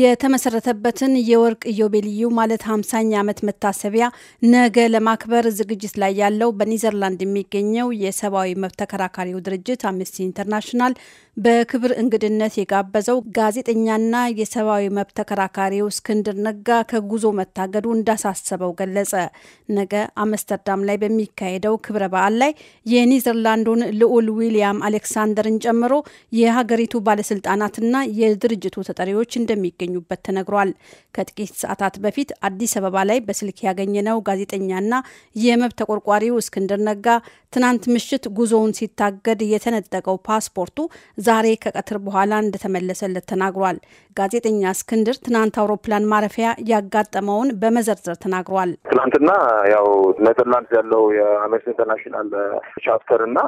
የተመሰረተበትን የወርቅ ኢዮቤልዩ ማለት 50 ዓመት መታሰቢያ ነገ ለማክበር ዝግጅት ላይ ያለው በኒዘርላንድ የሚገኘው የሰብአዊ መብት ተከራካሪው ድርጅት አምነስቲ ኢንተርናሽናል በክብር እንግድነት የጋበዘው ጋዜጠኛና የሰብአዊ መብት ተከራካሪው እስክንድር ነጋ ከጉዞ መታገዱ እንዳሳሰበው ገለጸ። ነገ አምስተርዳም ላይ በሚካሄደው ክብረ በዓል ላይ የኒዘርላንዱን ልዑል ዊሊያም አሌክሳንደርን ጨምሮ የሀገሪቱ ባለስልጣናትና የድርጅቱ ተጠሪዎች እንደሚገኙበት ተነግሯል። ከጥቂት ሰዓታት በፊት አዲስ አበባ ላይ በስልክ ያገኘነው ጋዜጠኛና የመብት ተቆርቋሪው እስክንድር ነጋ ትናንት ምሽት ጉዞውን ሲታገድ የተነጠቀው ፓስፖርቱ ዛሬ ከቀትር በኋላ እንደተመለሰለት ተናግሯል። ጋዜጠኛ እስክንድር ትናንት አውሮፕላን ማረፊያ ያጋጠመውን በመዘርዘር ተናግሯል። ትናንትና ያው ኔዘርላንድስ ያለው የአሜሪካ ኢንተርናሽናል ቻፕተር እና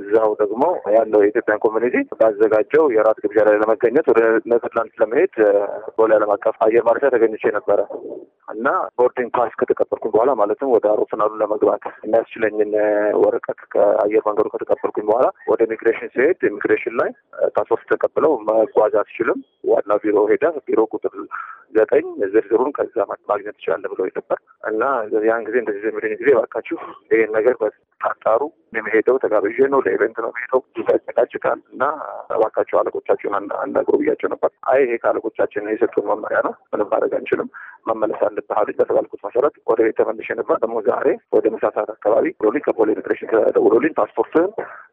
እዛው ደግሞ ያለው የኢትዮጵያን ኮሚኒቲ ባዘጋጀው የራት ግብዣ ላይ ለመገኘት ወደ ኔዘርላንድስ ለመሄድ ቦሌ ዓለም አቀፍ አየር ማረፊያ ተገኝቼ ነበረ። እና ቦርዲንግ ፓስ ከተቀበልኩኝ በኋላ ማለትም ወደ አውሮፕላኑ ለመግባት የሚያስችለኝን ወረቀት ከአየር መንገዱ ከተቀበልኩኝ በኋላ ወደ ኢሚግሬሽን ሲሄድ ኢሚግሬሽን ላይ ፓስፖርት ተቀብለው መጓዝ አትችልም፣ ዋና ቢሮ ሄደ ቢሮ ቁጥር ዘጠኝ ዝርዝሩን ከዛ ማግኘት ትችላለህ ብለው ነበር እና ያን ጊዜ እንደዚህ ዘሚሉኝ ጊዜ ባካችሁ ይህን ነገር ታጣሩ። የመሄደው ተጋብዤ ነው፣ ለኢቨንት ነው የሚሄደው፣ ያጨቃጭቃል እና ባካችሁ አለቆቻችሁን አናግሩ ብያቸው ነበር። አይ ይሄ ከአለቆቻችን የሰጡን መመሪያ ነው፣ ምንም ማድረግ አንችልም፣ መመለስ አለብህ አሉኝ። በተባልኩት መሰረት ወደ ቤት ተመልሼ ነበር። ደግሞ ዛሬ ወደ ምሳ ሰዓት አካባቢ ሎሊ ከፖሊ ኢሚግሬሽን ተደውሎልኝ ፓስፖርትህን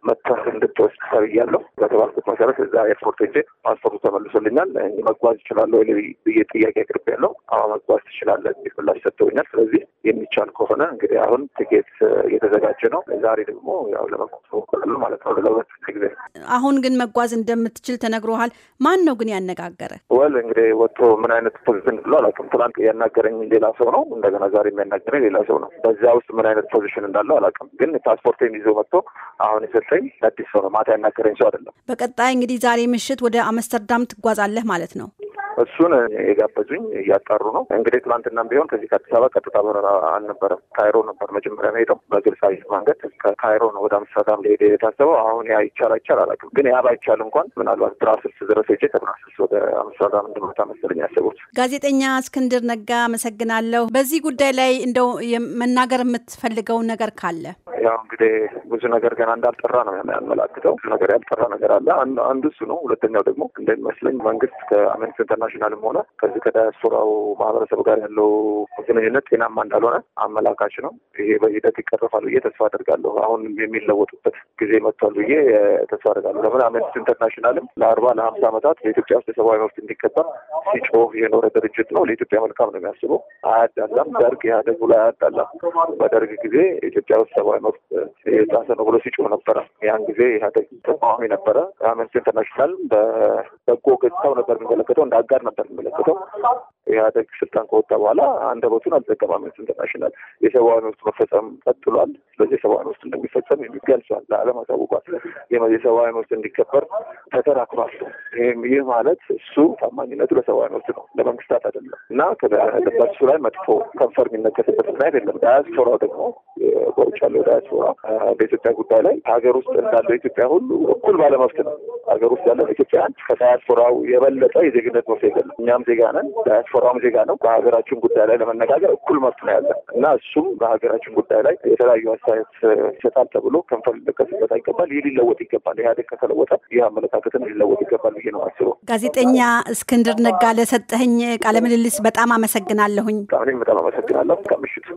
መጥተህ እንድትወስድ ተብያለሁ። በተባልኩት መሰረት እዛ ኤርፖርት ሄጄ ፓስፖርቱ ተመልሶልኛል፣ መጓዝ ይችላለሁ ብዬ ጥያቄ አቅርብ ያለው አዋ መግባት ትችላለን የሚል ምላሽ ሰጥተውኛል። ስለዚህ የሚቻል ከሆነ እንግዲህ አሁን ትኬት እየተዘጋጀ ነው። ዛሬ ደግሞ ያው ለመቆሶ ላሉ ማለት ነው ለሁለት ጊዜ አሁን ግን መጓዝ እንደምትችል ተነግሮሃል። ማን ነው ግን ያነጋገረ? ወል እንግዲህ ወጥቶ ምን አይነት ፖዚሽን ብሎ አላውቅም። ትላንት ያናገረኝ ሌላ ሰው ነው። እንደገና ዛሬ የሚያናገረኝ ሌላ ሰው ነው። በዚያ ውስጥ ምን አይነት ፖዚሽን እንዳለው አላውቅም። ግን ፓስፖርቴን ይዞ መጥቶ አሁን የሰጠኝ አዲስ ሰው ነው። ማታ ያናገረኝ ሰው አይደለም። በቀጣይ እንግዲህ ዛሬ ምሽት ወደ አምስተርዳም ትጓዛለህ ማለት ነው? እሱን የጋበዙኝ እያጣሩ ነው። እንግዲህ ትላንትናም ቢሆን ከዚህ ከአዲስ አበባ ቀጥታ በረራ አልነበረም። ካይሮ ነበር መጀመሪያ ሄደው በግብጽ አየር መንገድ ከካይሮ ነው ወደ አምስተርዳም ሊሄድ የታሰበው። አሁን ያ ይቻል አይቻል አላውቅም፣ ግን ያ ባይቻል እንኳን ምናልባት ብራስልስ ድረስ ሄጄ ከብራስልስ ወደ አምስተርዳም እንድመጣ መሰለኝ ያሰቡት። ጋዜጠኛ እስክንድር ነጋ አመሰግናለሁ። በዚህ ጉዳይ ላይ እንደው መናገር የምትፈልገው ነገር ካለ ያው እንግዲህ ብዙ ነገር ገና እንዳልጠራ ነው ያመላክተው። ነገር ያልጠራ ነገር አለ። አንዱ እሱ ነው። ሁለተኛው ደግሞ እንደሚመስለኝ መንግስት ከአምነስቲ ኢንተርናሽናልም ሆነ ከዚህ ከዳያስፖራው ማህበረሰብ ጋር ያለው ግንኙነት ጤናማ እንዳልሆነ አመላካች ነው። ይሄ በሂደት ይቀረፋል ብዬ ተስፋ አደርጋለሁ። አሁን የሚለወጡበት ጊዜ መጥቷል ብዬ ተስፋ አደርጋለሁ። ለምን አምነስቲ ኢንተርናሽናልም ለአርባ ለሀምሳ ዓመታት በኢትዮጵያ ውስጥ የሰብአዊ መብት እንዲከበር ሲጮህ የኖረ ድርጅት ነው። ለኢትዮጵያ መልካም ነው የሚያስበው። አያዳላም። ደርግ ያደጉ ላይ አያዳላም። በደርግ ጊዜ ኢትዮጵያ ውስጥ ሰብአዊ መብት የጣሰ ነው ብሎ ሲጮህ ነበረ። ያን ጊዜ ኢህአዴግ ተቃዋሚ ነበረ። አምነስቲ ኢንተርናሽናል በበጎ ገጽታው ነበር የሚመለከተው፣ እንደ አጋር ነበር የሚመለከተው። ኢህአዴግ ስልጣን ከወጣ በኋላ አንደበቱን አልዘገበም። አምነስቲ ኢንተርናሽናል የሰብአዊ መብት መፈጸም ቀጥሏል። ስለዚህ የሰብአዊ መብት እንደሚፈጸም ይገልጿል፣ ለዓለም አሳውቋል። የሰብአዊ መብት እንዲከበር ይህም ይህ ማለት እሱ ታማኝነቱ ለሰብአዊ መብት ነው፣ ለመንግስታት አይደለም እና ከበሱ ላይ መጥፎ ከንፈር የሚነከስበት ምክንያት የለም። ዳያስፖራው ደግሞ በውጭ ያላቸው በኢትዮጵያ ጉዳይ ላይ ሀገር ውስጥ እንዳለው ኢትዮጵያ ሁሉ እኩል ባለመብት ነው። ሀገር ውስጥ ያለው ኢትዮጵያን ከዳያስፖራው የበለጠ የዜግነት መብት የለም። እኛም ዜጋ ነን፣ ዳያስፖራውም ዜጋ ነው። በሀገራችን ጉዳይ ላይ ለመነጋገር እኩል መብት ነው ያለን እና እሱም በሀገራችን ጉዳይ ላይ የተለያዩ አስተያየት ይሰጣል ተብሎ ከንፈር ሊለቀስበት አይገባል። ይህ ሊለወጥ ይገባል። ኢህአዴግ ከተለወጠ ይህ አመለካከትም ሊለወጥ ይገባል ብዬ ነው አስበው። ጋዜጠኛ እስክንድር ነጋ ለሰጠኸኝ ቃለምልልስ በጣም አመሰግናለሁኝ። እኔም በጣም አመሰግናለሁ። ከምሽት